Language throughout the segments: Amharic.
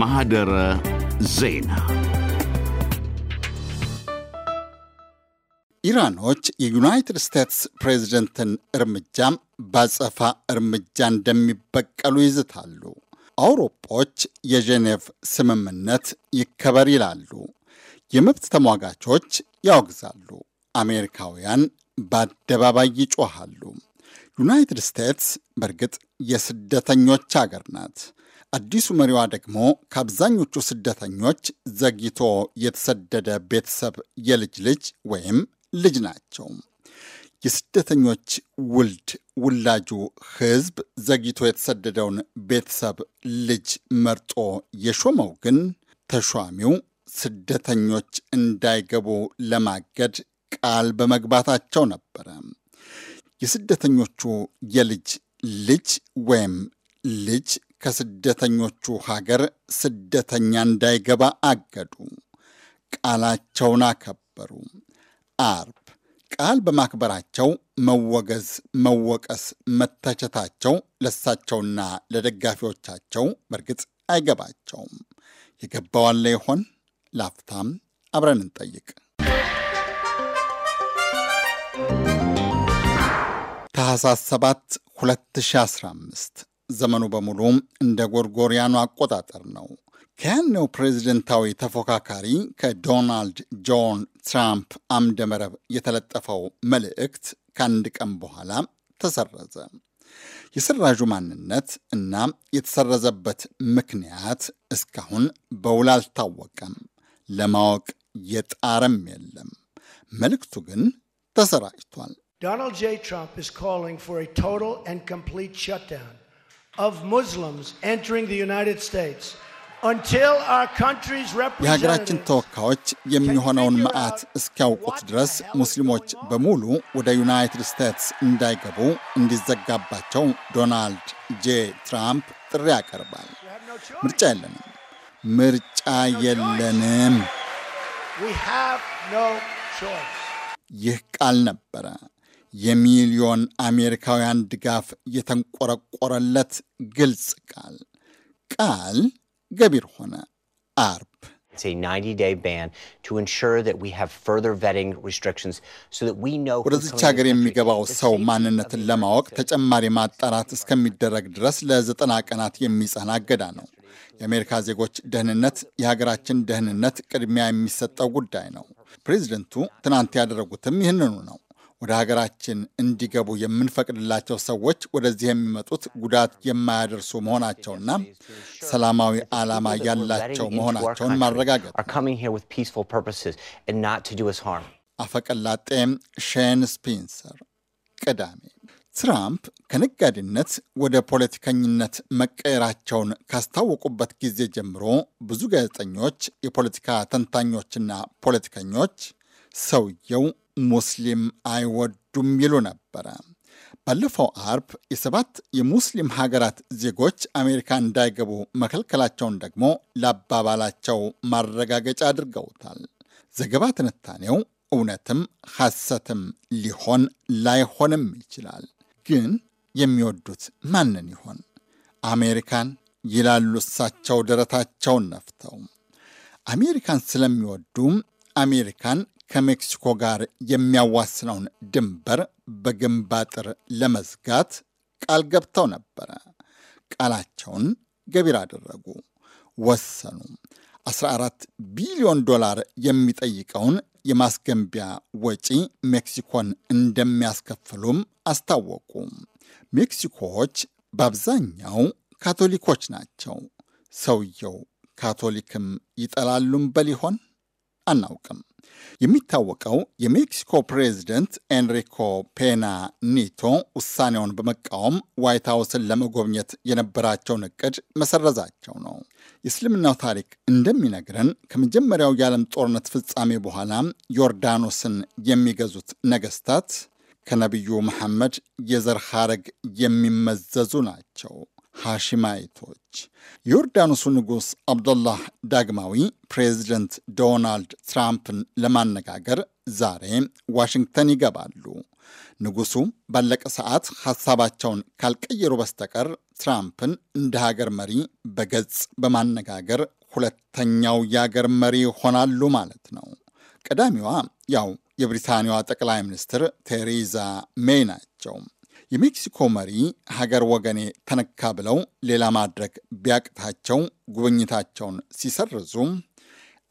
ማህደረ ዜና ኢራኖች የዩናይትድ ስቴትስ ፕሬዝደንትን እርምጃ ባጸፋ እርምጃ እንደሚበቀሉ ይዝታሉ። አውሮፖች የጄኔቭ ስምምነት ይከበር ይላሉ። የመብት ተሟጋቾች ያወግዛሉ። አሜሪካውያን በአደባባይ ይጮሃሉ። ዩናይትድ ስቴትስ በእርግጥ የስደተኞች አገር ናት። አዲሱ መሪዋ ደግሞ ከአብዛኞቹ ስደተኞች ዘግይቶ የተሰደደ ቤተሰብ የልጅ ልጅ ወይም ልጅ ናቸው። የስደተኞች ውልድ ውላጁ ሕዝብ ዘግይቶ የተሰደደውን ቤተሰብ ልጅ መርጦ የሾመው ግን ተሿሚው ስደተኞች እንዳይገቡ ለማገድ ቃል በመግባታቸው ነበረ። የስደተኞቹ የልጅ ልጅ ወይም ልጅ ከስደተኞቹ ሀገር ስደተኛ እንዳይገባ አገዱ። ቃላቸውን አከበሩ። አርብ ቃል በማክበራቸው መወገዝ፣ መወቀስ፣ መተቸታቸው ለሳቸውና ለደጋፊዎቻቸው በእርግጥ አይገባቸውም። የገባዋለ ይሆን? ላፍታም አብረን እንጠይቅ። ታህሳስ 7 2015 ዘመኑ በሙሉ እንደ ጎርጎሪያኑ አቆጣጠር ነው። ከያኔው ፕሬዚደንታዊ ተፎካካሪ ከዶናልድ ጆን ትራምፕ አምደ መረብ የተለጠፈው መልእክት ከአንድ ቀን በኋላ ተሰረዘ። የሰራዡ ማንነት እና የተሰረዘበት ምክንያት እስካሁን በውል አልታወቀም። ለማወቅ የጣረም የለም። መልእክቱ ግን ተሰራጭቷል። Donald J. Trump is calling for a total and complete shutdown of Muslims entering the United States. የሀገራችን ተወካዮች የሚሆነውን መዓት እስኪያውቁት ድረስ ሙስሊሞች በሙሉ ወደ ዩናይትድ ስቴትስ እንዳይገቡ እንዲዘጋባቸው ዶናልድ ጄ ትራምፕ ጥሪ ያቀርባል። ምርጫ የለንም፣ ምርጫ የለንም ይህ ቃል ነበረ የሚሊዮን አሜሪካውያን ድጋፍ የተንቆረቆረለት ግልጽ ቃል ቃል ገቢር ሆነ አርብ። ወደዚች ሀገር የሚገባው ሰው ማንነትን ለማወቅ ተጨማሪ ማጣራት እስከሚደረግ ድረስ ለዘጠና ቀናት የሚጸና እገዳ ነው። የአሜሪካ ዜጎች ደህንነት የሀገራችን ደህንነት ቅድሚያ የሚሰጠው ጉዳይ ነው። ፕሬዚደንቱ ትናንት ያደረጉትም ይህንኑ ነው። ወደ ሀገራችን እንዲገቡ የምንፈቅድላቸው ሰዎች ወደዚህ የሚመጡት ጉዳት የማያደርሱ መሆናቸውና ሰላማዊ ዓላማ ያላቸው መሆናቸውን ማረጋገጥ አፈቀላጤ ሼን ስፒንሰር ቅዳሜ ትራምፕ ከነጋዴነት ወደ ፖለቲከኝነት መቀየራቸውን ካስታወቁበት ጊዜ ጀምሮ ብዙ ጋዜጠኞች፣ የፖለቲካ ተንታኞችና ፖለቲከኞች ሰውየው ሙስሊም አይወዱም ይሉ ነበረ። ባለፈው አርብ የሰባት የሙስሊም ሀገራት ዜጎች አሜሪካ እንዳይገቡ መከልከላቸውን ደግሞ ለአባባላቸው ማረጋገጫ አድርገውታል። ዘገባ ትንታኔው እውነትም ሐሰትም ሊሆን ላይሆንም ይችላል። ግን የሚወዱት ማንን ይሆን? አሜሪካን ይላሉ እሳቸው ደረታቸውን ነፍተው። አሜሪካን ስለሚወዱ አሜሪካን ከሜክሲኮ ጋር የሚያዋስነውን ድንበር በግንብ አጥር ለመዝጋት ቃል ገብተው ነበረ። ቃላቸውን ገቢር አደረጉ፣ ወሰኑ። 14 ቢሊዮን ዶላር የሚጠይቀውን የማስገንቢያ ወጪ ሜክሲኮን እንደሚያስከፍሉም አስታወቁ። ሜክሲኮዎች በአብዛኛው ካቶሊኮች ናቸው። ሰውየው ካቶሊክም ይጠላሉም በሊሆን አናውቅም። የሚታወቀው የሜክሲኮ ፕሬዚደንት ኤንሪኮ ፔና ኒቶ ውሳኔውን በመቃወም ዋይት ሀውስን ለመጎብኘት የነበራቸውን እቅድ መሰረዛቸው ነው። የእስልምናው ታሪክ እንደሚነግረን ከመጀመሪያው የዓለም ጦርነት ፍጻሜ በኋላ ዮርዳኖስን የሚገዙት ነገስታት ከነቢዩ መሐመድ የዘር ሐረግ የሚመዘዙ ናቸው። ሐሽማይቶች። ዮርዳኖሱ ንጉሥ አብዶላህ ዳግማዊ ፕሬዚደንት ዶናልድ ትራምፕን ለማነጋገር ዛሬ ዋሽንግተን ይገባሉ። ንጉሱ ባለቀ ሰዓት ሐሳባቸውን ካልቀየሩ በስተቀር ትራምፕን እንደ ሀገር መሪ በገጽ በማነጋገር ሁለተኛው የአገር መሪ ይሆናሉ ማለት ነው። ቀዳሚዋ ያው የብሪታንያዋ ጠቅላይ ሚኒስትር ቴሬዛ ሜይ ናቸው። የሜክሲኮ መሪ ሀገር ወገኔ ተነካ ብለው ሌላ ማድረግ ቢያቅታቸው ጉብኝታቸውን ሲሰርዙ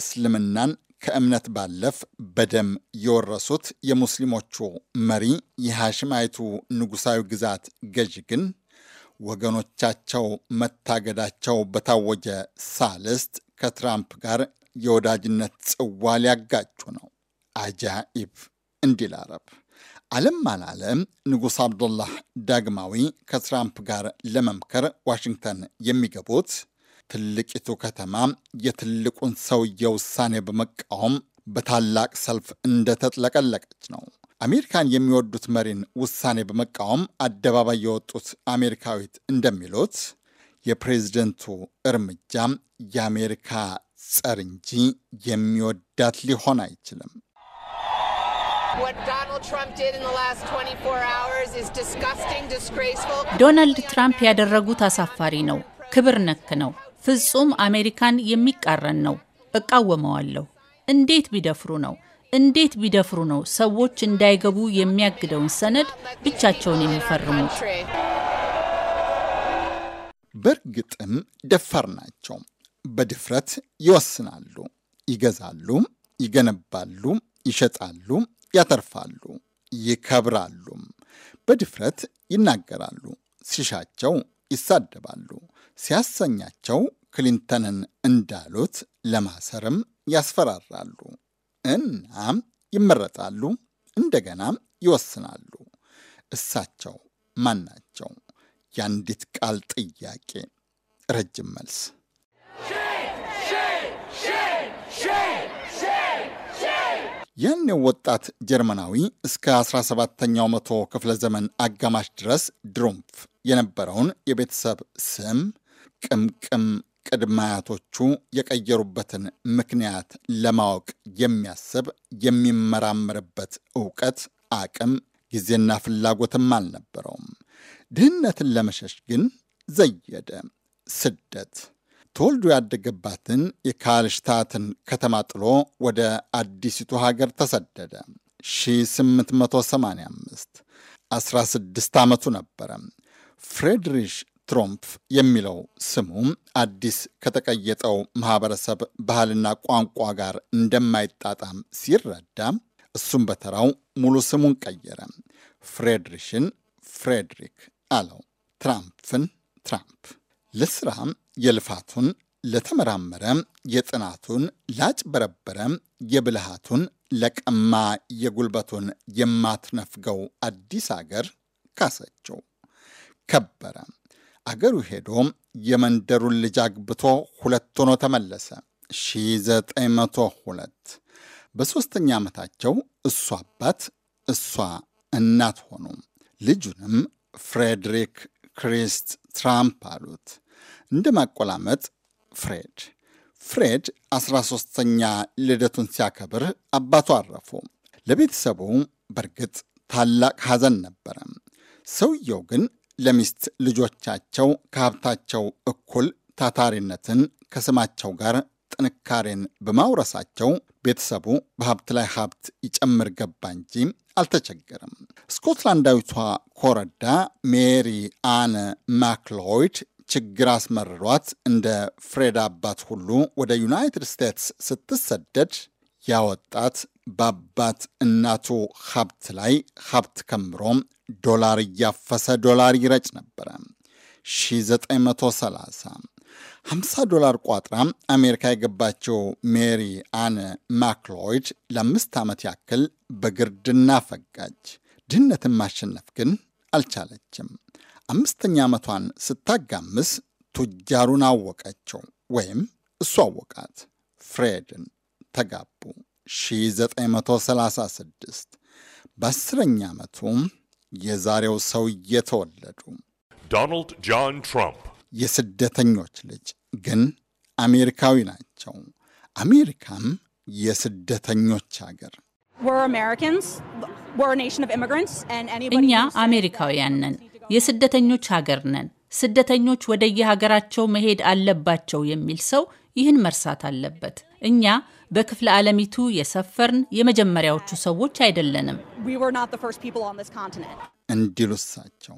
እስልምናን ከእምነት ባለፍ በደም የወረሱት የሙስሊሞቹ መሪ የሐሽማይቱ ንጉሳዊ ግዛት ገዢ ግን ወገኖቻቸው መታገዳቸው በታወጀ ሳልስት ከትራምፕ ጋር የወዳጅነት ጽዋ ሊያጋጩ ነው። አጃኢብ እንዲል አረብ አለም አላለም ንጉሥ አብዱላህ ዳግማዊ ከትራምፕ ጋር ለመምከር ዋሽንግተን የሚገቡት ትልቂቱ ከተማ የትልቁን ሰው ውሳኔ በመቃወም በታላቅ ሰልፍ እንደተጥለቀለቀች ነው። አሜሪካን የሚወዱት መሪን ውሳኔ በመቃወም አደባባይ የወጡት አሜሪካዊት እንደሚሉት የፕሬዝደንቱ እርምጃ የአሜሪካ ጸር እንጂ የሚወዳት ሊሆን አይችልም። ዶናልድ ትራምፕ ያደረጉት አሳፋሪ ነው። ክብር ነክ ነው። ፍጹም አሜሪካን የሚቃረን ነው። እቃወመዋለሁ። እንዴት ቢደፍሩ ነው እንዴት ቢደፍሩ ነው ሰዎች እንዳይገቡ የሚያግደውን ሰነድ ብቻቸውን የሚፈርሙት? በእርግጥም ደፋር ናቸው። በድፍረት ይወስናሉ፣ ይገዛሉ፣ ይገነባሉ፣ ይሸጣሉ፣ ያተርፋሉ፣ ይከብራሉም። በድፍረት ይናገራሉ፣ ሲሻቸው ይሳደባሉ፣ ሲያሰኛቸው ክሊንተንን እንዳሉት ለማሰርም ያስፈራራሉ። እናም ይመረጣሉ፣ እንደገናም ይወስናሉ። እሳቸው ማናቸው? የአንዲት ቃል ጥያቄ ረጅም መልስ ያኔው ወጣት ጀርመናዊ እስከ 17ኛው መቶ ክፍለ ዘመን አጋማሽ ድረስ ድሩምፍ የነበረውን የቤተሰብ ስም ቅምቅም ቅድማያቶቹ የቀየሩበትን ምክንያት ለማወቅ የሚያስብ የሚመራምርበት እውቀት፣ አቅም፣ ጊዜና ፍላጎትም አልነበረውም። ድህነትን ለመሸሽ ግን ዘየደ። ስደት ተወልዶ ያደገባትን የካልሽታትን ከተማ ጥሎ ወደ አዲሲቱ ሀገር ተሰደደ። ሺ885 16 ዓመቱ ነበረ። ፍሬድሪሽ ትሮምፕ የሚለው ስሙ አዲስ ከተቀየጠው ማህበረሰብ ባህልና ቋንቋ ጋር እንደማይጣጣም ሲረዳ እሱም በተራው ሙሉ ስሙን ቀየረ። ፍሬድሪሽን ፍሬድሪክ አለው። ትራምፕን ትራምፕ። ለስራ የልፋቱን ለተመራመረ የጥናቱን ላጭበረበረ የብልሃቱን ለቀማ የጉልበቱን የማትነፍገው አዲስ አገር ካሰችው። ከበረ አገሩ ሄዶ የመንደሩን ልጅ አግብቶ ሁለት ሆኖ ተመለሰ። 1902 በሦስተኛ ዓመታቸው እሷ አባት እሷ እናት ሆኑ። ልጁንም ፍሬድሪክ ክሪስት ትራምፕ አሉት። እንደ ማቆላመጥ ፍሬድ ፍሬድ 13ተኛ ልደቱን ሲያከብር አባቱ አረፉ። ለቤተሰቡ በእርግጥ ታላቅ ሐዘን ነበረ። ሰውየው ግን ለሚስት ልጆቻቸው ከሀብታቸው እኩል ታታሪነትን ከስማቸው ጋር ጥንካሬን በማውረሳቸው ቤተሰቡ በሀብት ላይ ሀብት ይጨምር ገባ እንጂ አልተቸገረም። ስኮትላንዳዊቷ ኮረዳ ሜሪ አነ ማክሎይድ ችግር አስመርሯት እንደ ፍሬድ አባት ሁሉ ወደ ዩናይትድ ስቴትስ ስትሰደድ ያወጣት በአባት እናቱ ሀብት ላይ ሀብት ከምሮም ዶላር እያፈሰ ዶላር ይረጭ ነበረ። 1930 50 ዶላር ቋጥራ አሜሪካ የገባችው ሜሪ አን ማክሎይድ ለአምስት ዓመት ያክል በግርድና ፈጋች። ድህነትን ማሸነፍ ግን አልቻለችም። አምስተኛ ዓመቷን ስታጋምስ ቱጃሩን አወቀችው ወይም እሱ አወቃት። ፍሬድን ተጋቡ 1936። በአስረኛ ዓመቱ የዛሬው ሰውዬ ተወለዱ። ዶናልድ ጆን ትራምፕ የስደተኞች ልጅ ግን አሜሪካዊ ናቸው። አሜሪካም የስደተኞች አገር። እኛ አሜሪካውያን ነን። የስደተኞች ሀገር ነን፣ ስደተኞች ወደየሀገራቸው መሄድ አለባቸው የሚል ሰው ይህን መርሳት አለበት። እኛ በክፍለ ዓለሚቱ የሰፈርን የመጀመሪያዎቹ ሰዎች አይደለንም እንዲሉ እሳቸው።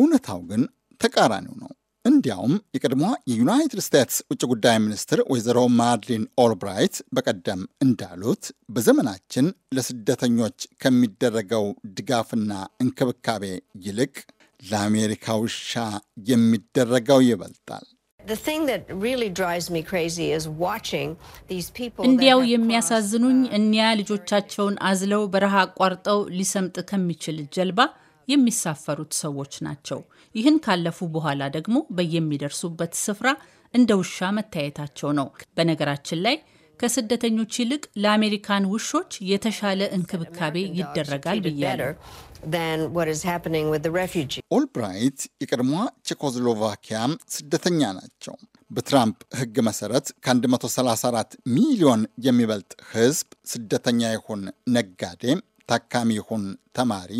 እውነታው ግን ተቃራኒው ነው። እንዲያውም የቀድሞዋ የዩናይትድ ስቴትስ ውጭ ጉዳይ ሚኒስትር ወይዘሮ ማድሊን ኦልብራይት በቀደም እንዳሉት በዘመናችን ለስደተኞች ከሚደረገው ድጋፍና እንክብካቤ ይልቅ ለአሜሪካ ውሻ የሚደረገው ይበልጣል። እንዲያው የሚያሳዝኑኝ እኒያ ልጆቻቸውን አዝለው በረሃ አቋርጠው ሊሰምጥ ከሚችል ጀልባ የሚሳፈሩት ሰዎች ናቸው። ይህን ካለፉ በኋላ ደግሞ በየሚደርሱበት ስፍራ እንደ ውሻ መታየታቸው ነው። በነገራችን ላይ ከስደተኞች ይልቅ ለአሜሪካን ውሾች የተሻለ እንክብካቤ ይደረጋል ብያለሁ። ኦልብራይት የቀድሞዋ ቼኮስሎቫኪያ ስደተኛ ናቸው። በትራምፕ ሕግ መሰረት ከ134 ሚሊዮን የሚበልጥ ሕዝብ ስደተኛ ይሁን ነጋዴ፣ ታካሚ ይሁን ተማሪ፣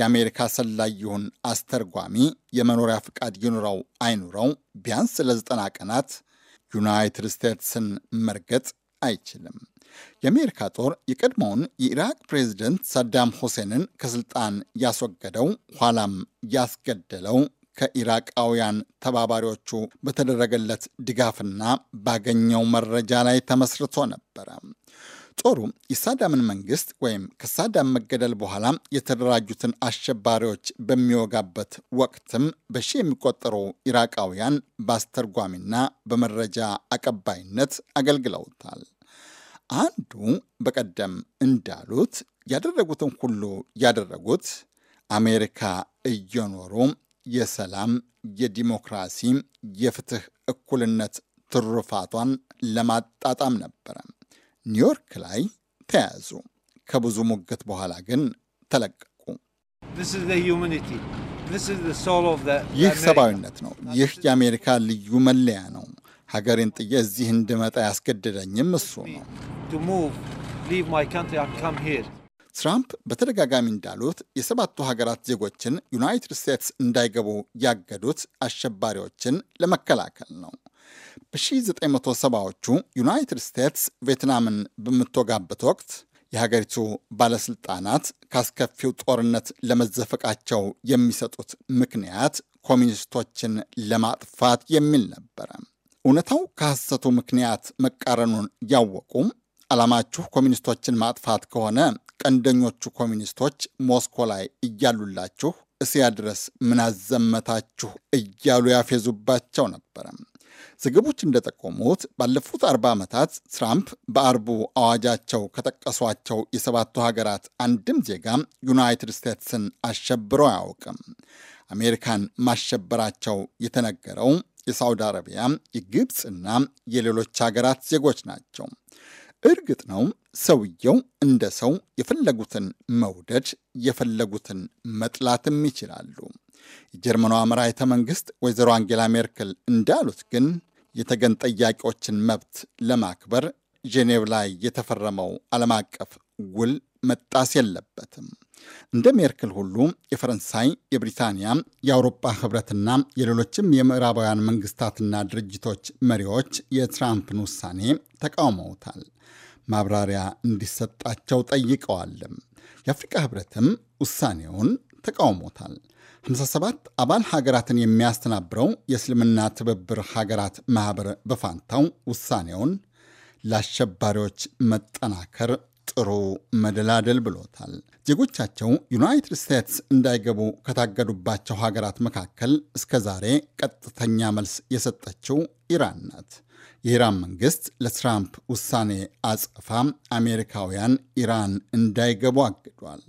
የአሜሪካ ሰላይ ይሁን አስተርጓሚ፣ የመኖሪያ ፍቃድ ይኑረው አይኑረው፣ ቢያንስ ለ90 ቀናት ዩናይትድ ስቴትስን መርገጥ አይችልም። የአሜሪካ ጦር የቀድሞውን የኢራቅ ፕሬዝደንት ሳዳም ሁሴንን ከስልጣን ያስወገደው ኋላም ያስገደለው ከኢራቃውያን ተባባሪዎቹ በተደረገለት ድጋፍና ባገኘው መረጃ ላይ ተመስርቶ ነበረ። ጦሩ የሳዳምን መንግስት ወይም ከሳዳም መገደል በኋላ የተደራጁትን አሸባሪዎች በሚወጋበት ወቅትም በሺ የሚቆጠሩ ኢራቃውያን በአስተርጓሚና በመረጃ አቀባይነት አገልግለውታል። አንዱ በቀደም እንዳሉት ያደረጉትን ሁሉ ያደረጉት አሜሪካ እየኖሩ የሰላም፣ የዲሞክራሲ፣ የፍትህ እኩልነት ትሩፋቷን ለማጣጣም ነበረም። ኒውዮርክ ላይ ተያዙ። ከብዙ ሙግት በኋላ ግን ተለቀቁ። ይህ ሰብአዊነት ነው። ይህ የአሜሪካ ልዩ መለያ ነው። ሀገሬን ጥዬ እዚህ እንድመጣ ያስገደደኝም እሱ ነው። ትራምፕ በተደጋጋሚ እንዳሉት የሰባቱ ሀገራት ዜጎችን ዩናይትድ ስቴትስ እንዳይገቡ ያገዱት አሸባሪዎችን ለመከላከል ነው። በ1970ዎቹ ዩናይትድ ስቴትስ ቬትናምን በምትወጋበት ወቅት የሀገሪቱ ባለስልጣናት ካስከፊው ጦርነት ለመዘፈቃቸው የሚሰጡት ምክንያት ኮሚኒስቶችን ለማጥፋት የሚል ነበረ። እውነታው ከሐሰቱ ምክንያት መቃረኑን ያወቁም ዓላማችሁ ኮሚኒስቶችን ማጥፋት ከሆነ ቀንደኞቹ ኮሚኒስቶች ሞስኮ ላይ እያሉላችሁ እስያ ድረስ ምናዘመታችሁ እያሉ ያፌዙባቸው ነበረ። ዘገቦች እንደጠቆሙት ባለፉት አርባ ዓመታት ትራምፕ በአርቡ አዋጃቸው ከጠቀሷቸው የሰባቱ ሀገራት አንድም ዜጋ ዩናይትድ ስቴትስን አሸብሮ አያውቅም። አሜሪካን ማሸበራቸው የተነገረው የሳውዲ አረቢያ፣ የግብፅና የሌሎች ሀገራት ዜጎች ናቸው። እርግጥ ነው ሰውየው እንደ ሰው የፈለጉትን መውደድ የፈለጉትን መጥላትም ይችላሉ። የጀርመኗ መራሒተ መንግሥት ወይዘሮ አንጌላ ሜርክል እንዳሉት ግን የተገን ጠያቂዎችን መብት ለማክበር ጄኔቭ ላይ የተፈረመው ዓለም አቀፍ ውል መጣስ የለበትም። እንደ ሜርክል ሁሉ የፈረንሳይ፣ የብሪታንያ፣ የአውሮፓ ህብረትና የሌሎችም የምዕራባውያን መንግስታትና ድርጅቶች መሪዎች የትራምፕን ውሳኔ ተቃውመውታል። ማብራሪያ እንዲሰጣቸው ጠይቀዋለም የአፍሪካ ህብረትም ውሳኔውን ተቃውሞታል። 57 አባል ሀገራትን የሚያስተናብረው የእስልምና ትብብር ሀገራት ማኅበር በፋንታው ውሳኔውን ለአሸባሪዎች መጠናከር ጥሩ መደላደል ብሎታል። ዜጎቻቸው ዩናይትድ ስቴትስ እንዳይገቡ ከታገዱባቸው ሀገራት መካከል እስከ ዛሬ ቀጥተኛ መልስ የሰጠችው ኢራን ናት። የኢራን መንግስት ለትራምፕ ውሳኔ አጸፋ አሜሪካውያን ኢራን እንዳይገቡ አግዷል።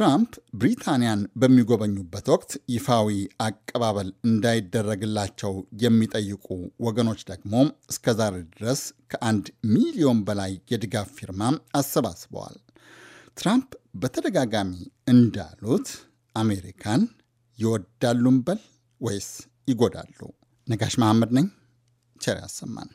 ትራምፕ ብሪታንያን በሚጎበኙበት ወቅት ይፋዊ አቀባበል እንዳይደረግላቸው የሚጠይቁ ወገኖች ደግሞ እስከዛሬ ድረስ ከአንድ ሚሊዮን በላይ የድጋፍ ፊርማ አሰባስበዋል። ትራምፕ በተደጋጋሚ እንዳሉት አሜሪካን ይወዳሉም በል ወይስ ይጎዳሉ? ነጋሽ መሐመድ ነኝ። ቸር ያሰማን።